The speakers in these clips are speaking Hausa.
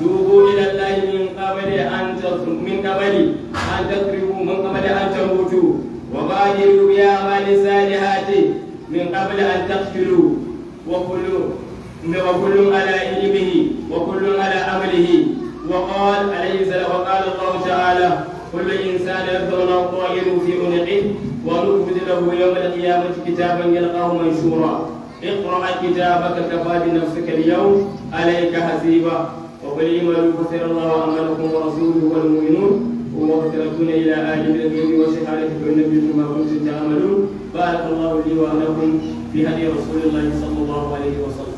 dubu ila Allah min qabli an tasum min qabli an takribu min qabli an tamutu wa badiru bi amali salihati min qabli an taqtulu wa kullu wa kullu ala ilmihi wa kullu ala amalihi wa qala alayhi salam wa qala Allah ta'ala كل إنسان يبدأ طائر في عنقه ونخرج له يوم القيامة كتابا يلقاه منشورا اقرأ كتابك كفى بنفسك اليوم عليك حسيبا وقل اعملوا فسيرى الله اعمالكم ورسوله والمؤمنون ومغفرتون إلى آل الذين وشهادة النبي ما كنتم تعملون بارك الله لي ولكم في هدي رسول الله صلى الله عليه وسلم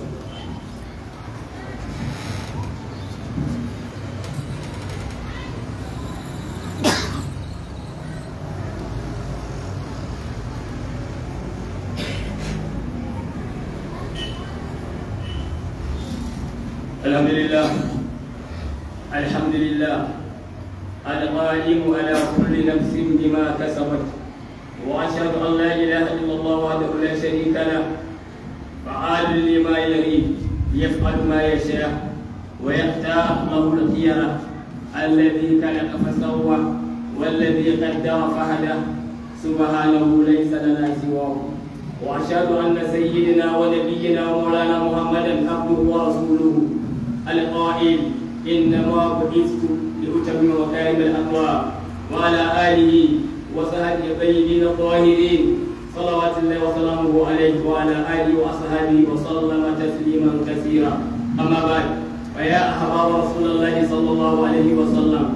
الحمد لله القائم على كل نفس بما كسبت واشهد ان لا اله الا الله وحده لا شريك له فعال لما يريد يفعل ما يشاء ويختار له الخيار الذي خلق فسوى والذي قدر فهدى سبحانه ليس لنا سواه واشهد ان سيدنا ونبينا ومولانا محمدا عبده ورسوله القائل إنما بعثت لأتمم مكارم الأقوام وعلى آله وصحبه الطيبين الطاهرين صلوات الله وسلامه عليه وعلى آله وأصحابه وسلم تسليما كثيرا أما بعد فيا أحباب رسول الله صلى الله عليه وسلم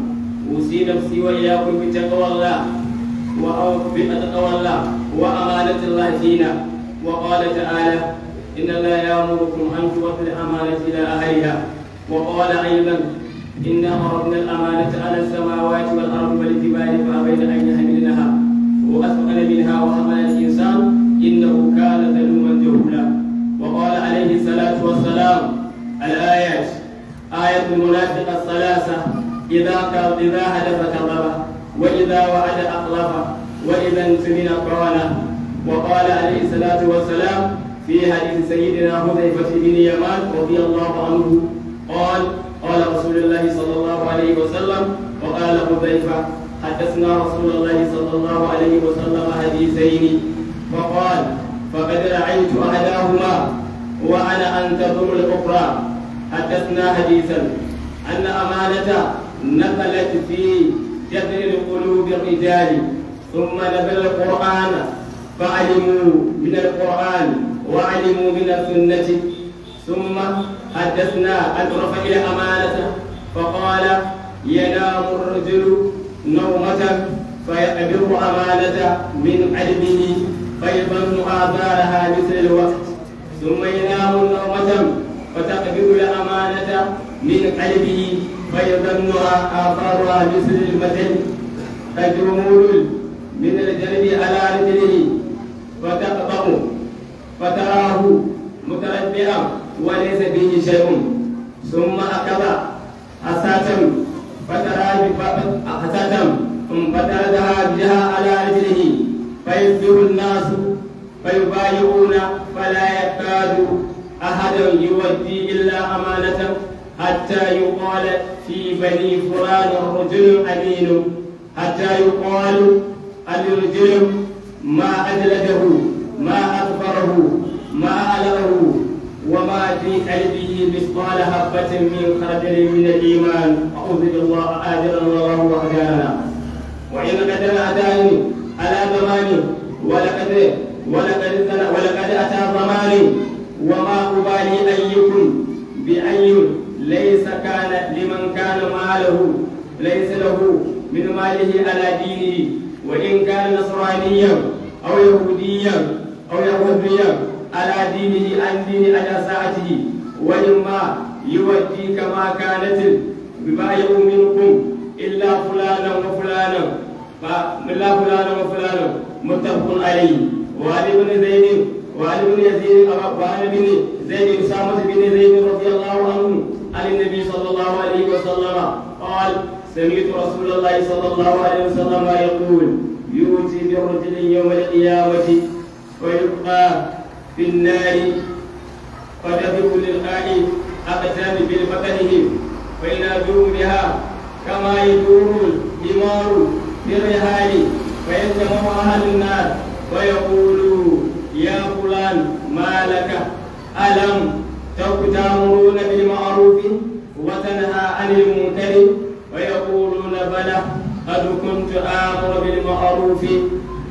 أوصي نفسي وإياكم بتقوى الله وتقوى الله وأمانة الله فينا وقال تعالى إن الله يأمركم أن تؤدوا الأمانة إلى أهلها وقال أيضا إنا عرضنا الأمانة على السماوات والأرض والجبال فأبين أن يحملنها وأثقل منها وحمل الإنسان إنه كان ظلوما جهولا وقال عليه الصلاة والسلام الآيات آية المنافق الثلاثة إذا إذا هدف كذب وإذا وعد أخلف وإذا انتمن قال وقال عليه الصلاة والسلام في حديث سيدنا حذيفة بن يمان رضي الله عنه قال قال رسول الله صلى الله عليه وسلم وقال حذيفة حدثنا رسول الله صلى الله عليه وسلم حديثين فقال فقد رعيت أحداهما وأنا أنتظر الأخرى حدثنا حديثا أن أمانة نقلت في جذر قلوب الرجال ثم نزل القرآن فعلموا من القرآن وعلموا من السنة ثم حدثنا أن رفع أمانته فقال ينام الرجل نومة فيعبر أمانته من علمه فيظن آثارها مثل الوقت ثم ينام نومة فتقبل الأمانة من قلبه فيظنها آثارها مثل المثل فجمول من الجلب على رجله فتقطع فتراه متربئا وليس به شيء ثم أكل حساة فترى ثم فطردها بها على رجله فيصبح الناس فيبايعون فلا يكاد أحد يودي إلا أمانة حتى يقال في بني فلان الرجل أمين حتى يقال الرجل ما أجلده ما أكبره ما ألغه وما في قلبه مثقال هبة من خردل من الإيمان أعوذ بالله آجرا الله وأحيانا وإن قدر أتاني على ضماني ولقد ولقد ولقد أتى ضماني وما أبالي أيكم بأي ليس كان لمن كان ماله ليس له من ماله على دينه وإن كان نصرانيا أو يهوديا أو يهوديا على دينه عن دين على ساعته وإما يودي كما كانت بما يؤمنكم إلا فلانا وفلانا فلا فلانا وفلانا متفق عليه وعلي بن زيد وعلي بن يزيد وعلي بن زيد أسامة بن زيد رضي الله عنه عن النبي صلى الله عليه وسلم قال سمعت رسول الله صلى الله عليه وسلم يقول يؤتي برجل يوم القيامة ويبقى في النار فتدعو للقاء أقدام ببطنهم وينادون بها كما يدور الحمار في الرحال فيجتمع أهل النار ويقول يا فلان ما لك ألم تك تأمرون بالمعروف وتنهى عن المنكر ويقولون بلى قد كنت آمر بالمعروف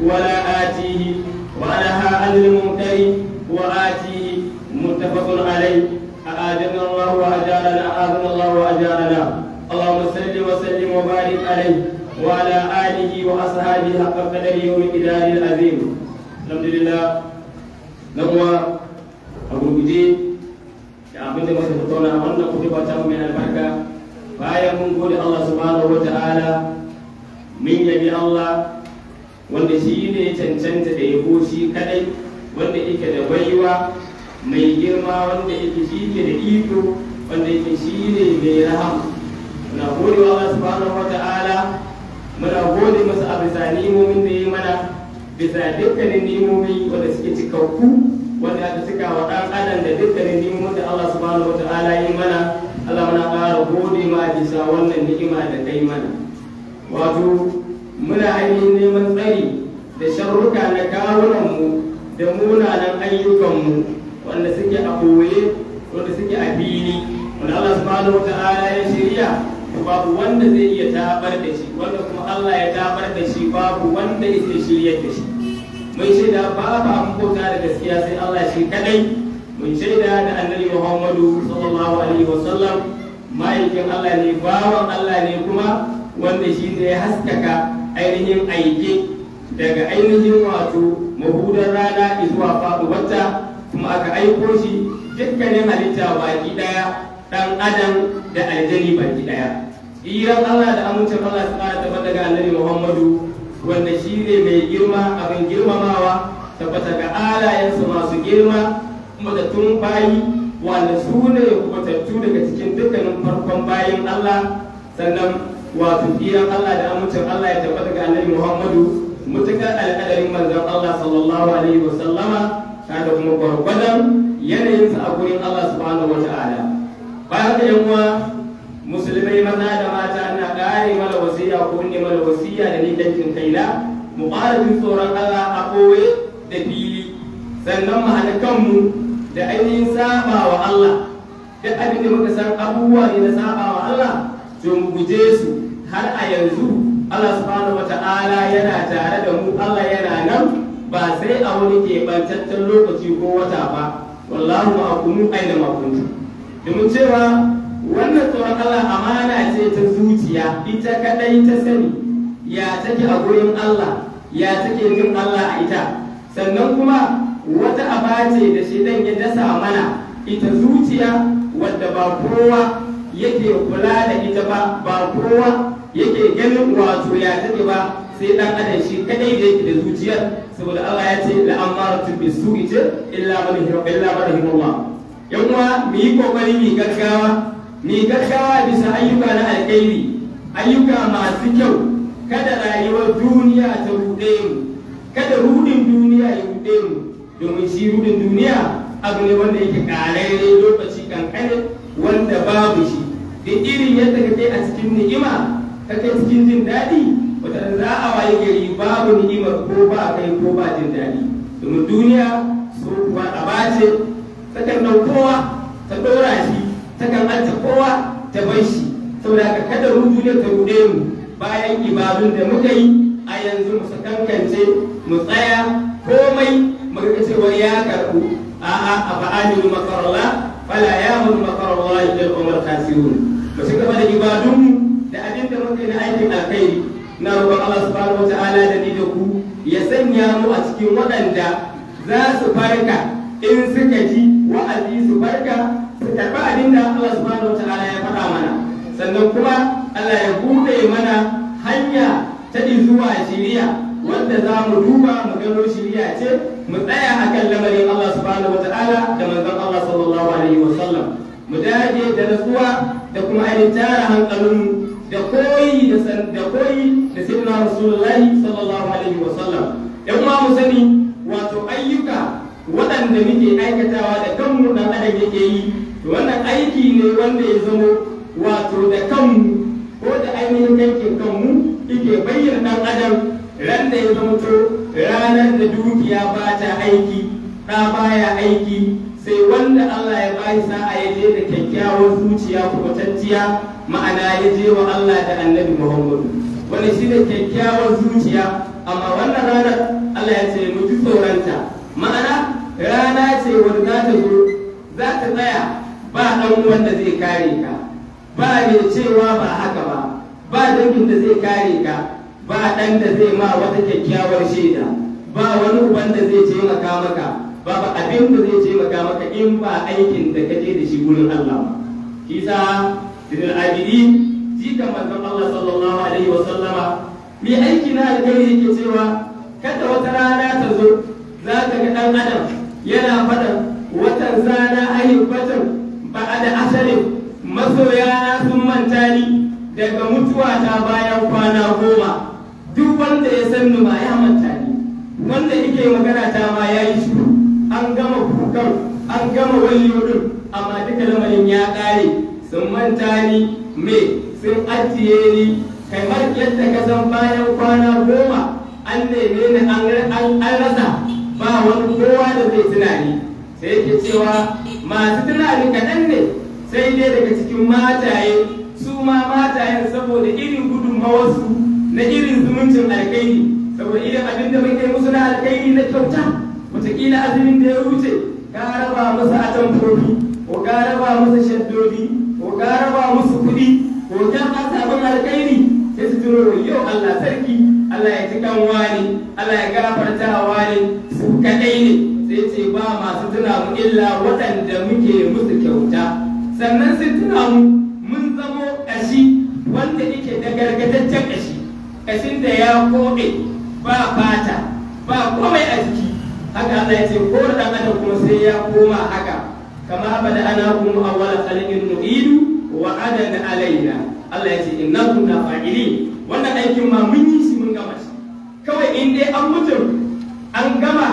ولا آتيه ونهى عن المنكر وآتي متفق عليه أعاذنا الله وأجارنا أعاذنا الله وأجارنا اللهم صل وسلم وبارك عليه وعلى آله وأصحابه حق قدر يوم الإله العظيم الحمد لله نقوى أبو جديد abin da muka tattauna wannan kutuba ta mai albarka bayan mun gode Allah subhanahu wata'ala mun yabi Allah wanda shi ne cancanta da yabo shi kadai wanda yake da baiwa mai girma wanda yake shi ke da iko wanda yake shi ne mai rahama muna gode wa Allah subhanahu wa ta'ala muna gode masa a bisa nimomin da ya mana bisa dukkanin nimomi wanda suke cikakku wanda aka suka wa ɗan adam da dukkanin nimomin da Allah subhanahu wa ta'ala ya mana Allah muna ƙara gode ma bisa wannan ni'ima da kai mana wato muna ainihin neman tsari da sharruka na kawunanmu da munanan ayyukanmu wanda suke a koye wanda suke a fili wanda Allah subhanahu wa ta'ala ya shirya babu wanda zai iya tabar da shi wanda kuma Allah ya tabar da shi babu wanda zai shirya da shi mun shaida babu an kota da gaskiya sai Allah shi kadai mun shaida da annabi Muhammadu sallallahu alaihi wa sallam ma'aikin Allah ne bawan Allah ne kuma wanda shi ne haskaka ainihin aike daga ainihin wato mahudar rana zuwa wata kuma aka aiko shi dukkanin halitta baki ɗaya ɗan adam da aljani baki ɗaya iran allah da amincin allah su ƙara tabbata daga annabi muhammadu wanda shi ne mai girma abin girmamawa tabbata ga alayensa masu girma kuma da tun bayi wanda su ne kwatattu daga cikin dukkanin farkon bayin allah sannan wato iran allah da amincin allah ya tabbata ga annabi muhammadu mutukar alƙalarin manzon Allah sallallahu alaihi wa sallama da kuma gwargwadon yanayinsa a gurin Allah subhanahu wa ta'ala bayan da yan uwa musulmai maza da mata ana ƙare mana wasiya ko ne mana wasiya da ni dangin kaina mu ƙara jin tsoron Allah a koye da fili sannan mu haɗa kanmu da ainihin saba wa Allah duk abin da muka san abubuwa ne na saba wa Allah to mu guje su har a yanzu Allah subhanahu wata'ala yana tare da mu Allah yana nan ba sai a wani keɓantaccen lokaci ko wata ba wallahu kunu aina ma kunu domin cewa wannan tsoron Allah amana ce ta zuciya ita kadai ta sani ya take a gurin Allah ya take jin Allah a ita sannan kuma wata aba ce da shi dan ya dasa mana ita zuciya wadda ba kowa yake kula da ita ba ba kowa yake ganin wato ya take ba sai dan adam shi kadai da yake da zuciyar saboda Allah ya ce la amaratu bi illa man illa man yan uwa mu yi kokari mu gaggawa mu gaggawa bisa ayyuka na alkhairi ayyuka masu kyau kada rayuwar duniya ta rude mu kada rudin duniya ya rude mu domin shi rudin duniya abu ne wanda yake kalaire lokaci kankare wanda babu shi da irin yadda kake a cikin ni'ima kake cikin jin daɗi wata za a waye gari babu ni'imar ko ba kai ko ba jin daɗi domin duniya so kuma a ce takan ɗau kowa ta ɗora shi kan alta kowa ta bai shi saboda haka kada mu duniya ta rude mu bayan ibadun da muka yi a yanzu mu sakankance mu tsaya komai muka cewa ya karɓu a'a a fa'aminu makarola fala ya mun ya idan umar kasirun mu su gaba da ibadunmu da muka na aikin kai na ruwa Allah subhanahu da ni da ku ya sanya mu a cikin waɗanda za su farka in suka ji wa'azi su farka su tafi abin da Allah subhanahu ya faɗa mana sannan kuma Allah ya buɗe mana hanya ta zuwa shiriya wanda za mu duba mu gano shiriya ce mu tsaya a kan lamarin Allah subhanahu da manzon Allah sallallahu alaihi mu dage da nasuwa da kuma ainihin tara hankalinmu da koyi da san da koyi da sayyidina rasulullahi sallallahu alaihi wasallam yan ma mu sani wato ayyuka waɗanda muke aikatawa da kanmu da adam yake yi to wannan aiki ne wanda ya zamo wato da kanmu ko da ainihin kanke kanmu yake bayyana dan adam ran da ya zama to ranar da dukiya ba ta aiki ɗa baya aiki sai wanda Allah ya bayi sa'a ya je da kyakkyawar zuciya tantiya ma'ana ya je wa Allah da annabi Muhammadu wani shi ne kyakkyawar zuciya amma wannan ranar Allah ya ce mu ji tsoronta ma'ana rana ce wanda za ta zo za ta tsaya ba ɗan wanda zai kare ka ba ne cewa ba haka ba ba dangin da zai kare ka ba ɗan da zai ma wata kyakkyawar shaida ba wani wanda da zai taimaka maka babu abin da zai ce maka in ba aikin da ka je da shi wurin Allah shi sa tunan abidi jikan manzon Allah sallallahu alaihi wa sallama mai aiki na alkhairi yake cewa kada wata rana ta zo za ka ga dan adam yana fadan watan zana ayin batan ba da asalin masoya sun manta ni daga mutuwa ta bayan kwana goma duk wanda ya san ma ya manta ni wanda yake magana ta ma ya yi kama wani din amma duka lamarin ya ƙare sun manta ni me sun ajiye ni kamar yadda ka san bayan kwana goma an neme ni an rasa ba wani kowa da zai tunani sai ke cewa masu tunani kaɗan ne sai dai daga cikin mataye su ma matayen saboda irin gudunmawarsu na irin zumuncin alkairi saboda irin abin da muke musu na alkairi na kyauta wataƙila azumin da ya wuce Garaba ba musu atamfofi ko gara ba musu shaddobi ko gara ba musu kuɗi ko ka ba su abin alkhairi sai su turo yau Allah sarki Allah ya ci kan wani Allah ya gafarta wani su kadai ne sai ce ba masu tuna mu illa waɗanda muke musu kyauta sannan sun tuna mu mun zamo ƙashi wanda yake da gargataccen ƙashi ƙashin da ya koɗe ba fata haka ce ko da adam kuma sai ya koma haka kama ana kuma awwala khalqin nu'idu wa adan alaina Allah ya ce innakum wannan aikin ma mun yi shi mun gama shi kawai in dai an mutum an gama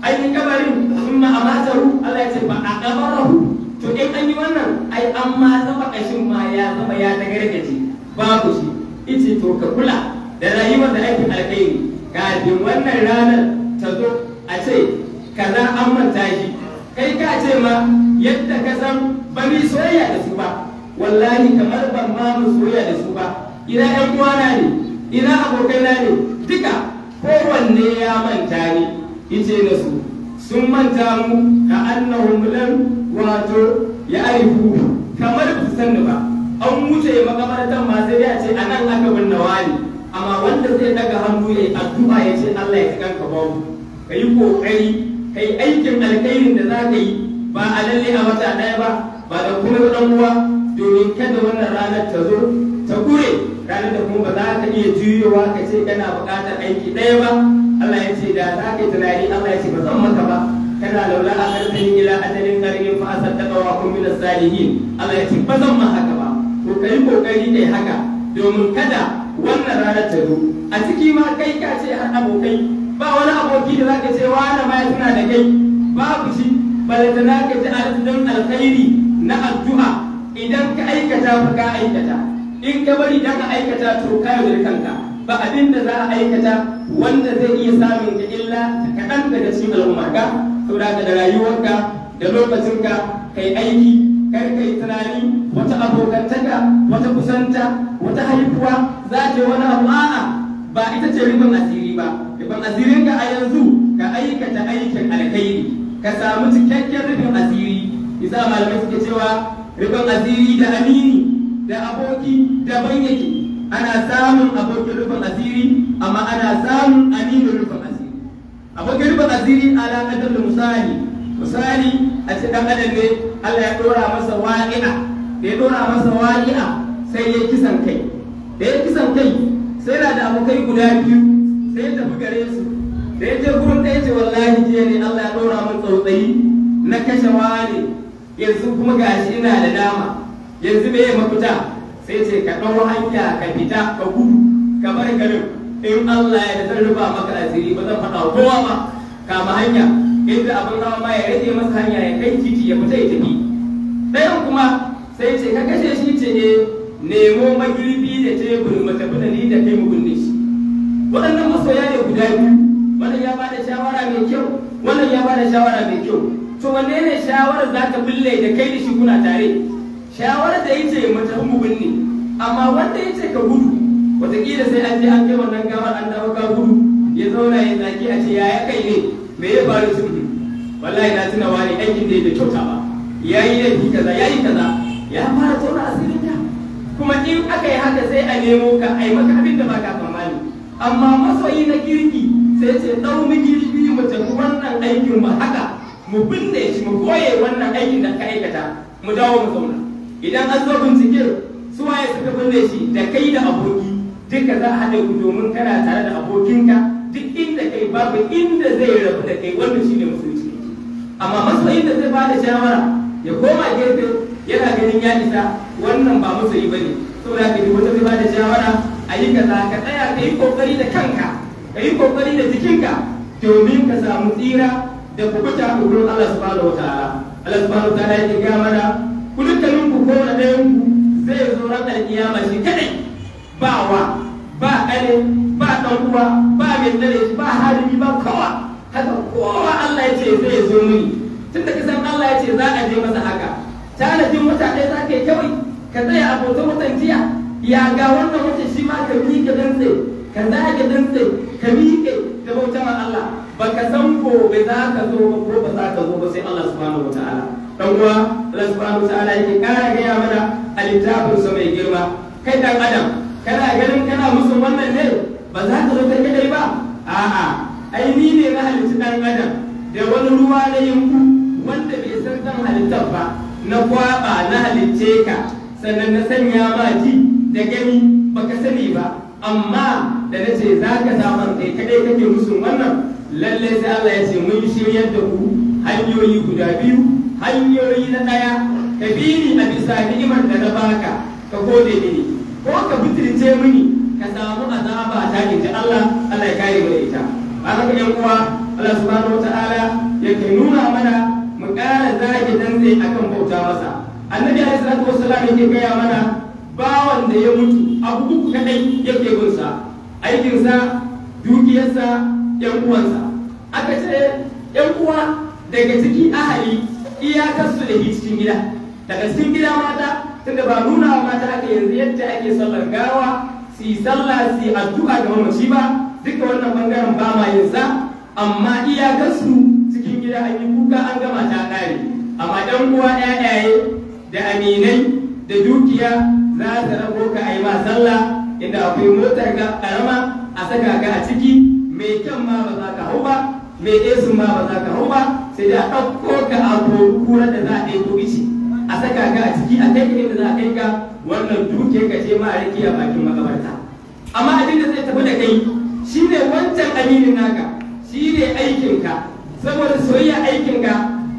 an yi kabarin sun amataru Allah ya ce ba a kabarahu to in an yi wannan ai an ma zaba kashin ma ya zaba ya tagargaje babu shi ice to ka kula da rayuwar da aikin alkhairi kafin wannan ranar ta zo a ce kaza an manta shi kai ka ce ma yadda ka san ba mi soyayya da su ba wallahi kamar ban ma mu soyayya da su ba ina ɗan uwana ne ina abokaina ne duka kowanne ya manta ni ice na su sun manta mu ka annahu mulan wato ya aihu kamar ku ni ba an wuce makamartan ma sai ya ce anan aka binne wani amma wanda zai daga hannu ya yi addu'a ya ce Allah ya kanka babu ka yi ƙoƙari ka yi aikin alkhairin da za ka yi ba a lalle a wata ɗaya ba ba da kuma da uwa domin kada wannan ranar ta zo ta kure ranar da kuma ba za ka iya juyowa ka ce kana buƙatar aiki ɗaya ba Allah ya ce da za ka yi tunani Allah ya ce ba zan maka ba kana laula a karfin ila adalin karfin fa asar ta kawo kun salihin Allah ya ce ba zan ma haka ba ka yi kokari kai haka domin kada wannan ranar ta zo a ciki ma kai ka ce har abokai ba wani aboki da zaka ka ce wani ma tana da kai ba babu shi na ka ji alfidon alkhairi na addu'a idan ka aikata ba ka aikata in ka bari dan ka aikata to ka yaudar kanka ba abin da za a aikata wanda zai iya samun ka illa kaɗan daga cikin al'ummarka saboda ka da rayuwarka da lokacinka kai aiki kai ka tunani wata abokantaka wata kusanta wata haihuwa za ta yi wani abu a'a ba ita ce rikon asiri ba rufin asirin ka a yanzu ka aikata aikin alkhairi ka samu cikakken rufin asiri isa malamai suke cewa rufin asiri da amini da aboki da yake ana samun abokin rufin asiri amma ana samun aminin rufin asiri abokin rufin asiri alaƙadar da misali misali a ce dan Allah ya ɗora masa wa'i'a da ya ɗora masa wa'i'a sai ya kisan kai da ya kisan kai sai na da abokai guda biyu sai ya tafi gare su da ya je gurin ɗaya ce wallahi jiya ne Allah ya ɗora min tsautsayi na kashe wani yanzu kuma gashi ina da dama yanzu me ya mafita sai ce ka ɗau hanya ka fita ka gudu ka bar garin in Allah ya da rufa maka asiri ba zan faɗa kowa ba kama hanya inda abin zama ma ya rage masa hanya ya kai titi ya fita ya tafi ɗayan kuma sai ce ka kashe shi ce ne eh, nemo magirbi da tebur mu tafi da ni da kai mu shi waɗannan masoya ne guda biyu wannan ya bada shawara mai kyau wannan ya bada shawara mai kyau to wanne ne shawarar za ta bulle da kai da shi kuna tare shawarar da yace mata mu binne amma wanda yace ka gudu wataƙila sai an je an kai wannan gawar an dawo ka gudu ya zauna ya zaki a ce yaya kai ne me ya faru ne wallahi na tuna wani aikin da ya kyauta ba yayi laifi kaza yayi kaza ya fara tona a ka kuma in aka yi haka sai a nemo ka a yi maka abin da ba ka amma masoyi na kirki sai ce dau mu girbi mu ta wannan aikin mu haka mu binne shi mu koye wannan aikin da ka aikata mu dawo mu zauna idan an zo bincike su waye suka binne shi da kai da aboki duka za a haɗe ku domin kana tare da abokinka duk inda kai babu inda zai rabu da kai wannan shine musulunci amma masoyin da zai bada shawara ya koma gefe yana ganin ya isa wannan ba masoyi bane saboda haka duk wanda zai bada shawara Ayi kaza ka tsaya ka yi kokari da kanka ka yi kokari da jikinka domin ka samu tsira da ku kubuta a gurin Allah subhanahu ta'ala Allah subhanahu ya yake ga mana ku dukkanin ku ko da ɗayan ku zai zo ranar kiyama shi kadai ba wa ba kare ba dan uwa ba mai dare shi ba halimi ba kowa haka kowa Allah ya ce zai zo mini tun da kisan Allah ya ce za a je masa haka tanadin wata ɗaya za ka yi kawai ka tsaya a bautan mutan jiya ya ga wanda wata shi ma ka ka dantse ka zage dantse ka miƙe ka bauta ma Allah ba ka san gobe za ka zo ba ko ba za ka zo ba sai Allah subhanahu wataala dan uwa Allah subhanahu wataala yake kara gaya mana a sa mai girma kai dan adam kana ganin kana musu wannan ne ba za ka zo kai dai ba a'a ai ni ne na halitta dan adam da wani ruwa na yanku wanda bai san kan halittar ba na kwaba na halicce ka sannan na sanya ma ji da gani baka sani ba amma da na ce za ka samar kai kaɗai kake musu wannan lalle sai Allah ya ce mun shiryar da ku hanyoyi guda biyu hanyoyi na ɗaya ka bi ni a bisa ni'imar da na baka ka gode mini ko ka bitirce mini ka samu azaba ta ji Allah Allah ya kare mu ita A haka yan uwa Allah subhanahu wataala yake nuna mana mu ƙara zage dantse akan bauta masa annabi alaihi salatu wassalam yake gaya mana bawan da ya mutu abu kaɗai ya ke gunsa aikinsa dukiyarsa yan uwansa aka ce yan uwa daga ciki ahali iyakarsu da cikin gida daga cikin gida mata tunda ba nuna wa mata aka yanzu yadda ake sallar gawa su yi sallah su addu'a ga mamaci ba duka wannan bangaren ba ma yin sa amma iyakarsu cikin gida an yi kuka an gama ta kare amma dan uwa yayaye da aminai da dukiya za ta rabo ka a yi ma sallah inda akwai motar ga karama a saka ka a ciki mai kyan ma ba za ka hau ba mai esun ma ba za ka hau ba sai da ɗauko ka a kura da za a ɗauko ishi a saka ka a ciki a kai inda za a kai ka wannan duke ka ce ma a rike a bakin makabarta amma abin da zai tafi da kai shine wancan aminin naka shine aikinka saboda soyayya aikinka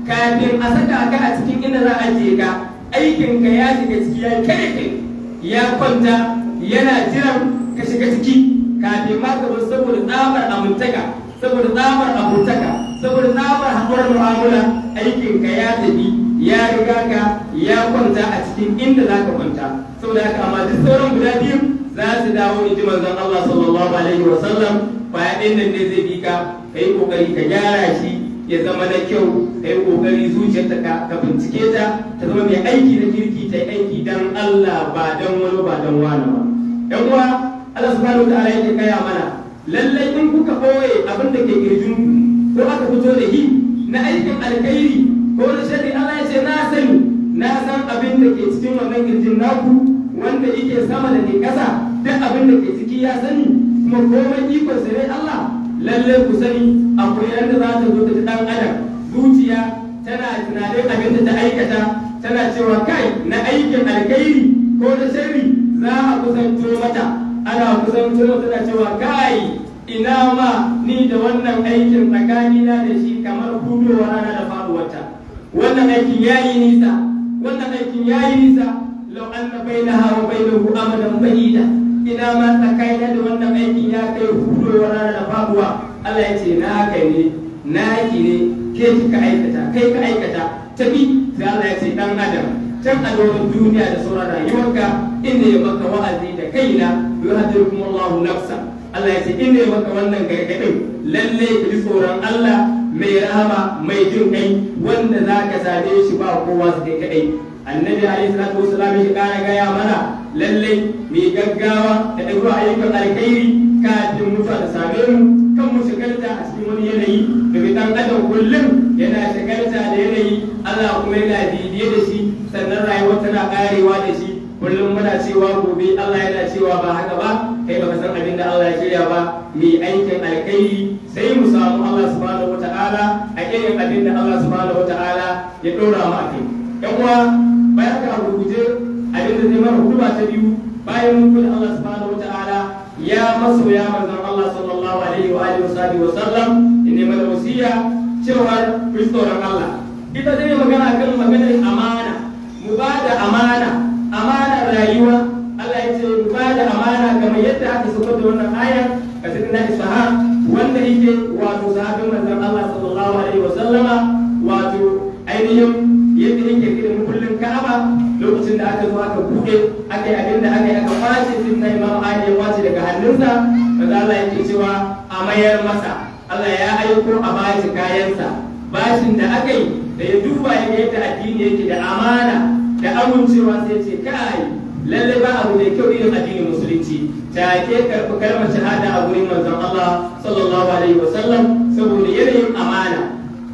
kafin a saka ka a cikin inda za a je ka aikinka ya shiga ciki ya kare kai ya kwanta yana jiran ka shiga ciki kafin ma ka bar saboda tsabar amintaka saboda tsabar abutaka saboda tsabar haƙurar mu'amala aikinka ya tafi ya riga ka ya kwanta a cikin inda za ka kwanta saboda haka amma duk sauran guda biyu za su dawo in ji manzon Allah sallallahu alaihi wa sallam ba ɗin nan ne zai bi ka kai kokari ka gyara shi ya zama na kyau ka yi ƙoƙari zuciyarta ka bincike ta ta zama mai aiki na kirki ta yi aiki don Allah ba don wani ba don wani ba yan uwa Allah subhanahu ta'ala yake kaya mana lallai in kuka ɓoye abin da ke kirjin ko aka fito da hi na aikin alkhairi ko na shari Allah ya ce na sani na san abin da ke cikin wannan kirjin naku wanda yake sama da ke kasa duk abin da ke ciki ya sani kuma komai ikon sa ne Allah Lallai ku sani akwai yadda za ta zo ta dan adam zuciya tana tunanin abin da ta aikata tana cewa kai na aikin alkhairi ko na sharri za a kusanto mata ana kusanto mata tana cewa kai ina ma ni da wannan aikin tsakanina da shi kamar hudowa rana da faruwarta wannan aikin ya yi nisa wannan aikin ya yi nisa lau na bai na hawa bai da hu amadan bai ina ma kai da wannan aikin ya kai hudowar rana da faduwa Allah ya ce na kai ne naki ne ke ka aikata kai ka aikata tafi sai Allah ya ce dan adam can a duniya da sauran rayuwarka inda ya maka wa'azi da kaina yuhadirukum Allahu nafsa Allah ya ce ina yi maka wannan gargaɗin lalle ka ji tsoron Allah mai rahama mai jin kai wanda za ka zaɓe shi ba kowa su kai kaɗai annabi alaihi salatu wasalam ya ƙara gaya mana lalle mai gaggawa da ɗago ayyukan alkhairi kafin mutuwa ta same mu kan mu shagalta a cikin wani yanayi daga ɗan adam kullum yana shagalta da yanayi Allah kuma yana bibiye da shi sannan rayuwar tana ƙarewa da shi kullum muna cewa gobe Allah yana cewa ba haka ba kai baka san abin da Allah ya shirya ba mi aikin alkhairi sai mu samu Allah subhanahu wataala a irin abin da Allah subhanahu wataala ya dora mu a kai yan uwa bayan ka rubuce abin da zai mana huduma ta biyu bayan mun kula Allah subhanahu wataala ya ya manzon Allah sallallahu alaihi wa alihi wa sallam inna mal wasiya cewa ku tsoron Allah ita zai magana kan maganar amana mu ba da amana amana rayuwa Allah ya ce ba da amana kamar yadda aka saukar da wannan aya a cikin na isaha wanda yake wato sahabin manzon Allah sallallahu alaihi wa sallama wato ainihin yadda yake kiran kullun Ka'aba lokacin da aka zo aka buɗe aka yi abin da aka yi aka kwace din na Imam Ali ya wace daga hannunsa kaza Allah yake cewa a mayar masa Allah ya aiko a bashi kayansa bashin da aka yi da ya duba yadda addini yake da amana da amincewa sai ce kai Lallai ba abu mai kyau irin addinin musulunci ta ke karɓi kalmar shahada a wurin manzon Allah sallallahu alaihi wa sallam saboda yanayin amana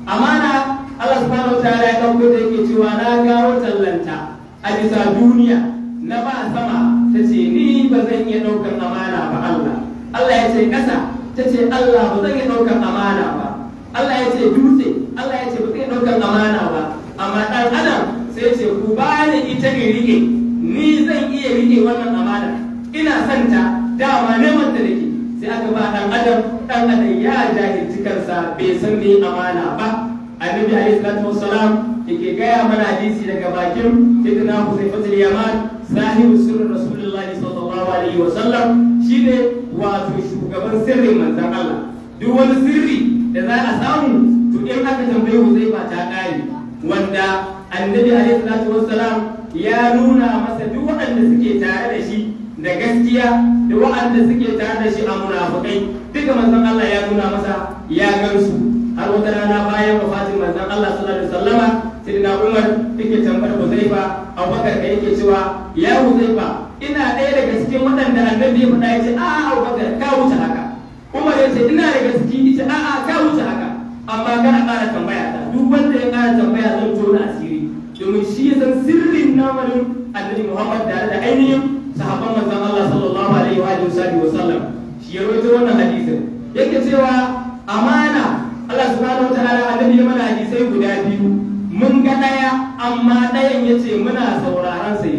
amana Allah subhanahu wa ta'ala ya dauko da yake cewa na kawo tallanta a bisa duniya na ba sama ta ce ni ba zan iya ɗaukar amana ba Allah Allah ya ce kasa ta ce Allah ba zan iya ɗaukar amana ba Allah ya ce dutse Allah ya ce ba zan iya ɗaukar amana ba amma ɗan adam sai ce ku ba ni ita ne rike ni zan iya rike wannan amana ina son ta dama neman ta nake sai aka ba dan adam dan adam ya jahilci kansa bai san me amana ba annabi alaihi salatu wassalam yake gaya mana hadisi daga bakin sayyidina Huzaifatul Yaman sahibu sirrin rasulullahi sallallahu alaihi wasallam shine wato shugaban sirrin manzon Allah duk wani sirri da za a samu to in aka tambaye ba ta kai wanda annabi alaihi salatu wassalam ya nuna masa duk waɗanda suke tare da shi da gaskiya da waɗanda suke tare da shi a munafukai duka manzon Allah ya nuna masa ya gansu har wata rana bayan wafatin manzon Allah sallallahu alaihi wasallama sayyidina Umar take tambayar Huzaifa Abubakar da yake cewa ya Huzaifa ina ɗaya daga cikin waɗanda annabi ya faɗa ya ce a'a Abubakar ka wuce haka Umar ya ce ina daga ciki ya ce a'a ka wuce haka amma kana ƙara tambaya ta duk wanda ya ƙara tambaya zan tona asiri domin shi ya san sirrin namarin annabi Muhammad da da ainihin sahabban manzon Allah sallallahu alaihi wa alihi wa sallam shi ya rawaito wannan hadisin yake cewa amana Allah subhanahu wa ta'ala annabi ya mana hadisai guda biyu mun ga daya amma dayan yace muna sauraron sai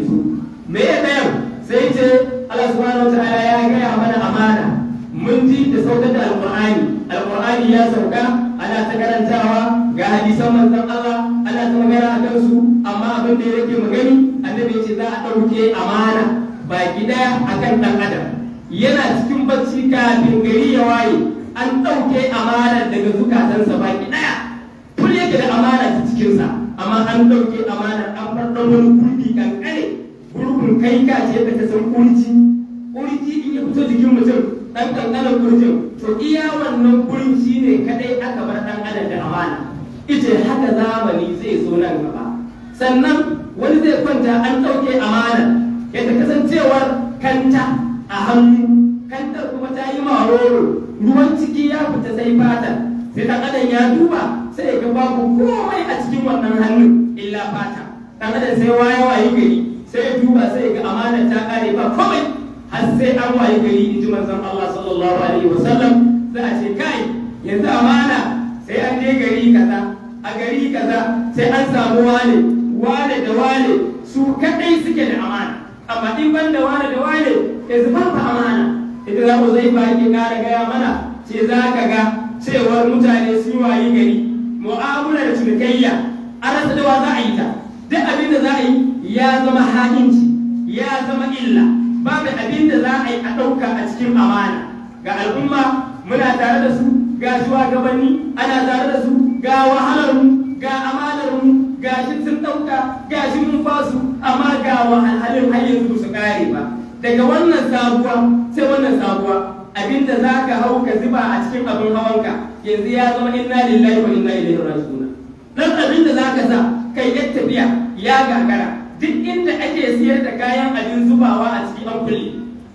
sai ga amana ta kare ba komai har sai an waye gari in ji manzon Allah sallallahu alaihi wasallam za a ce kai yanzu amana sai an je gari kaza a gari kaza sai an samu wale. wale da wale su kadai suke da amana amma in ban da wale da wale yanzu ba ta amana ita za mu zai ba ki da gaya mana ce za ka ga cewar mutane sun waye gari mu'amalar cinikayya a rasa da za a yi ta duk abin da za a yi ya zama ha'inci ya zama illa babu abin da za a yi a ɗauka a cikin amana ga al'umma muna tare da su ga gabani ana tare da su ga wahalarmu ga mu ga shi sun ɗauka ga shi mun fasu amma ga wahalhalin har yanzu su ƙare ba daga wannan sabuwa sai wannan sabuwa abin da za ka hau ka zuba a cikin abin hawanka yanzu ya zama inna lillahi wa inna ilaihi raji'un dan da za ka sa kai tafiya ya gagara duk inda ake siyar da kayan abin zubawa a cikin an kulle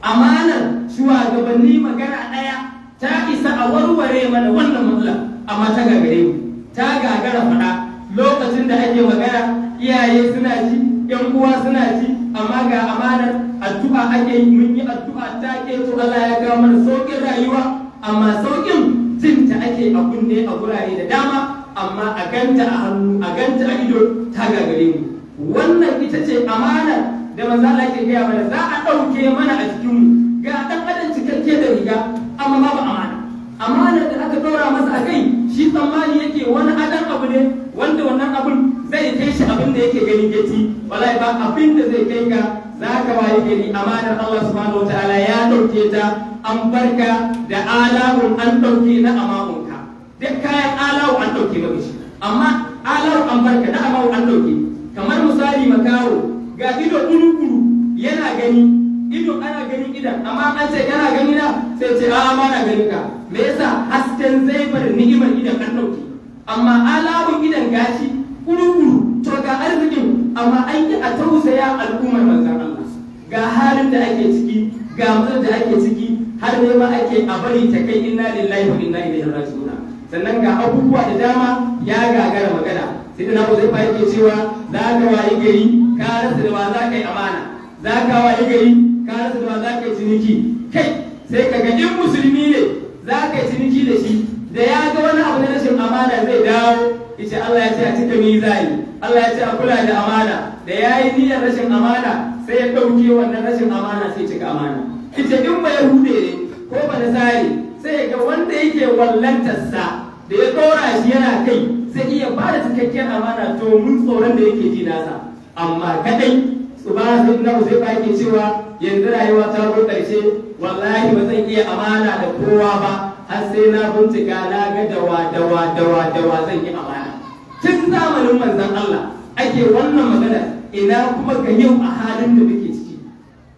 amanar shugabanni magana ɗaya ta isa a warware mana wannan matsala amma ta gagare mu ta gagara faɗa lokacin da ake magana iyaye suna ji yan uwa suna ji amma ga amanar addu'a ake yi mun yi addu'a ta ke to Allah ya ga mana sauƙin rayuwa amma sauƙin jin ta ake a kunne a gurare da dama amma a ganta a hannu a ganta a ido ta gagare mu wannan ita ce amana da manzo Allah ke gaya mana za a ɗauke mana a cikinmu ga ɗan adam cikakke da riga amma babu amana amana da aka ɗora masa a kai shi tsammani yake wani adam abu ne wanda wannan abun zai kai shi abin da yake ganin gaci wallahi ba abin da zai kai ka za ka waye gari amanar Allah subhanahu wataala ya ɗauke ta an barka da alahu an ɗauke na amamunka duk kayan alahu an ɗauke ba shi amma alahu an barka na amawu an ɗauke kamar misali makaro ga ido kuru-kuru yana gani ido ana ganin idan amma an ce yana gani na sai ce a ma na ganin ka me yasa hasken zaifar ni'imar idan an dauke amma alamun idan gashi kuru-kuru to ga arzikin amma an yi a tausaya al'ummar manzan Allah ga halin da ake ciki ga mutum da ake ciki har ne ma ake a bari ta kai inna lillahi wa inna ilaihi raji'un sannan ga abubuwa da dama ya gagara magana sai na ku zai fa cewa za ka wayi gari ka rasa da wa za ka yi amana za ka wayi gari ka rasa da wa za ka yi ciniki kai sai ka ga in musulmi ne za ka yi ciniki da shi da ya ga wani abu na rashin amana zai dawo yace Allah ya ce a cika mizani Allah ya ce a kula da amana da ya yi niyyar rashin amana sai ya ɗauke wannan rashin amana sai cika amana ita in ba yahude ne ko ba sai ga wanda yake wallantarsa da ya ɗora shi yana kai zai iya ba da cikakken amana domin tsoron da yake ji nasa amma kadai ba su na zai sai baki cewa yanzu rayuwa ta zo karshe wallahi ba zan iya amana da kowa ba har sai na bincika na ga dawa dawa dawa dawa zan yi amana tun zamanin manzon Allah ake wannan magana ina kuma ga yau a halin da muke ciki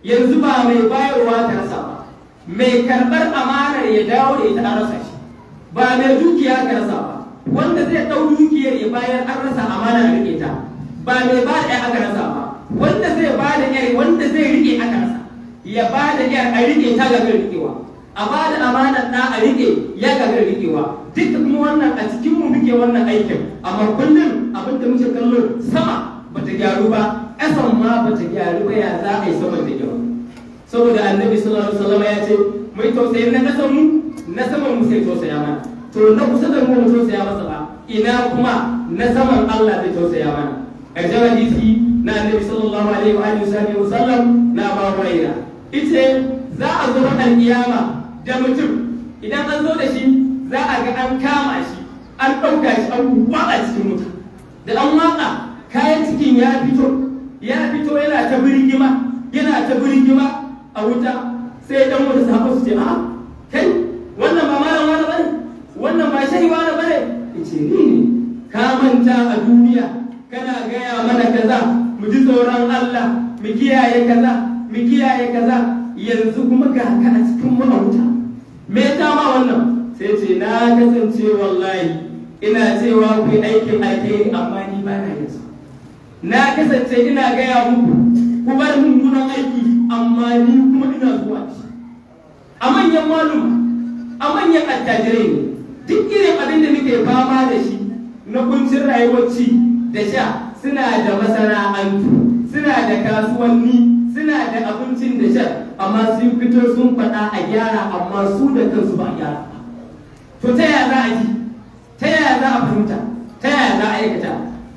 yanzu ba mai bayarwa ta rasa ba mai karɓar amanar ya dawo da ita a rasa shi ba mai dukiya ka rasa ba wanda zai ɗau dukiyar ya bayar an rasa amana a rike ta ba mai ba da aka rasa ba wanda zai ba da yar wanda zai rike aka rasa ya ba da yar a rike ta ga rikewa a ba da amana a rike ya ga rikewa duk kuma wannan a cikin mu muke wannan aikin amma kullun abinda muke kallon sama bata gyaru ba asan ma bata gyaru ba ya za a yi sama da gyaru saboda annabi sallallahu alaihi wasallam ya ce mai tausayin na ƙasan mu na sama mu sai tausaya mana to na kusa da mu tausaya masa ba ina kuma na saman Allah zai tausaya mana ƙarshen hadisi na annabi sallallahu alaihi wa alihi wa sallam na Abu Hurairah ita za a zo ran kiyama da mutum idan an zo da shi za a ga an kama shi an ɗauka shi an a cikin mutum da an waka kayan cikin ya fito ya fito yana ta birgima yana ta birgima a wuta sai dan wata sahabba su ce a'a ce ni ka manta a duniya kana gaya mana kaza mu ji tsoron Allah mu kiyaye kaza mu kiyaye kaza yanzu kuma ga ka a cikin mahauta me ta ma wannan sai ce na kasance wallahi ina cewa ku aikin ake amma ni ba na yanzu na kasance ina gaya muku ku bar mummunan aiki amma ni kuma ina zuwa a manyan malum a manyan attajirai ne duk irin abin da muke fama da shi na kuncin rayuwar ci da sha suna da masana'antu suna da kasuwanni suna da abincin da sha amma sun fito sun faɗa a gyara amma su da kansu ba gyara to ta yaya za a yi ta yaya za a fahimta ta yaya za a aikata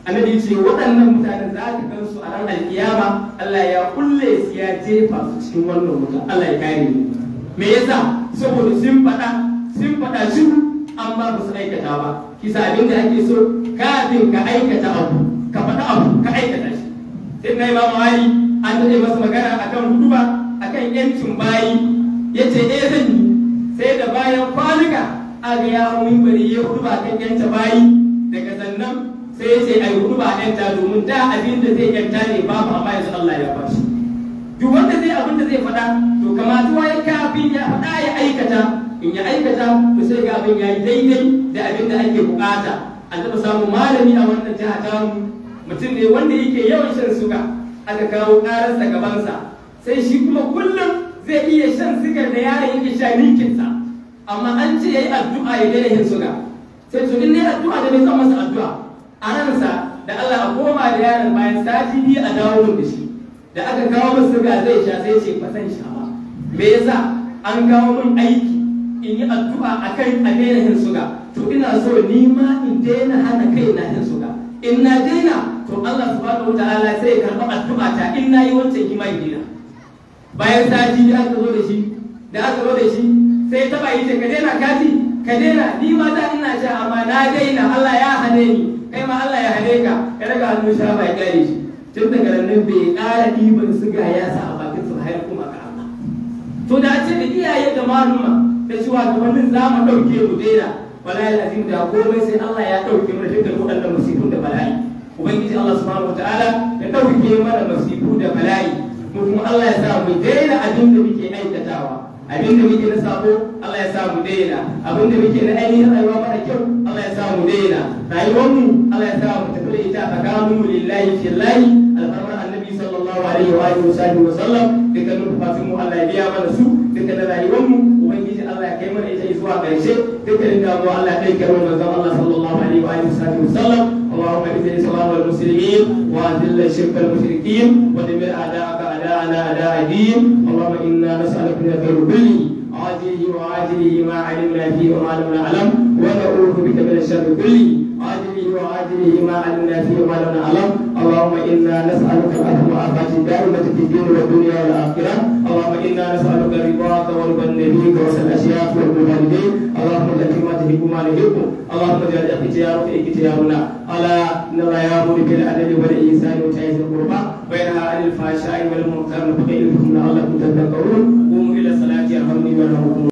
annabi ce waɗannan mutane za ka gansu a ran alkiyama Allah ya kulle su ya jefa su cikin wannan wuta Allah ya kare mu me yasa saboda sun faɗa sun faɗa shi an ba su aikata ba kisa abin da ake so kafin ka aikata abu ka faɗa abu ka aikata shi sai na imamu ali an daɗe masa magana akan huduba akan yancin bayi ya ce eh zan yi sai da bayan kwanuka a ga ya hau mimbari ya huduba kan yanta bayi daga sannan sai ya ce a yi huduba yanta domin da abin da zai yanta ne babu amma yanzu Allah ya bashi duk wanda zai abin da zai faɗa to kamata ya kafin ya faɗa ya aikata in ya aikata ba sai ga abin yi daidai da abin da ake bukata A taɓa samun malami a wannan jiha ta mutum ne wanda yake yawan shan suga aka kawo ƙararsa gabansa sai shi kuma kullum zai iya shan sigar da yaron yake sha ninkinsa amma an ce ya yi addu'a ya daina yin suga sai to in ne addu'a da bai san masa addu'a a ransa da Allah a koma da yaron bayan sati biyu a dawo da shi da aka kawo masa suga zai sha sai ce ba zan sha ba me yasa an kawo min aiki in yi addu'a a kai a daina hin suga to ina so ni ma in daina hana kai na hin suga in na daina to Allah subhanahu ta'ala sai ya karɓi addu'a ta in na yi wancan kima in daina bayan sati da aka zo da shi da aka zo da shi sai taba yi ta ka daina kati ka daina ni ma da ina sha amma na daina Allah ya hane ni kai ma Allah ya hane ka ka daga hannun sha bai kare shi tun daga nan bai ƙara ɗiban suga ya sa a bakin su har kuma ka Allah to da a ce da iyaye da maluma da shugabannin za mu ɗauke mu daina bala'i azim da komai sai Allah ya ɗauke mana dukkan waɗannan musibun da bala'i ubangiji Allah subhanahu wataala ya ɗauke mana masifu da bala'i mu kuma Allah ya sa mu daina abin da muke aikatawa abin da muke na sabo Allah ya sa mu daina abin da muke na ainihin rayuwa mara kyau Allah ya sa mu daina rayuwar mu Allah ya sa mu tafi da ita tsakaninmu lillahi fillahi alfarmar annabi sallallahu alaihi wa alihi wa sallam duka mu mu Allah ya biya mana su dukkan rayuwar mu kai mana ita zuwa ƙarshe dukkanin damuwa Allah ya ɗauke mana manzon Allah sallallahu alaihi wa alihi wasallam اللهم اعز الاسلام والمسلمين واذل الشرك والمشركين ودمر اعداءك اعداءنا اعداء الدين اللهم انا نسالك من الخير كله عاجله وعاجله ما علمنا فيه وما لم نعلم ونعوذ بك من الشر كله وآدمهما علمنا فيه ما لم نعلم اللهم إنا نسألك العفو والعافية الدائمة في الدين والدنيا والآخرة اللهم إنا نسألك رضاك ورضا نبيك وسل أشياخ والمجاهدين اللهم التي ما تهب ما نهب اللهم اجعل اختيارك اختيارنا ألا نرياه بالعدل والإنسان وتعيز القربى وينهى عن الفحشاء والمنكر والبغي لعلكم تذكرون قوموا إلى الصلاة يرحمني ويرحمكم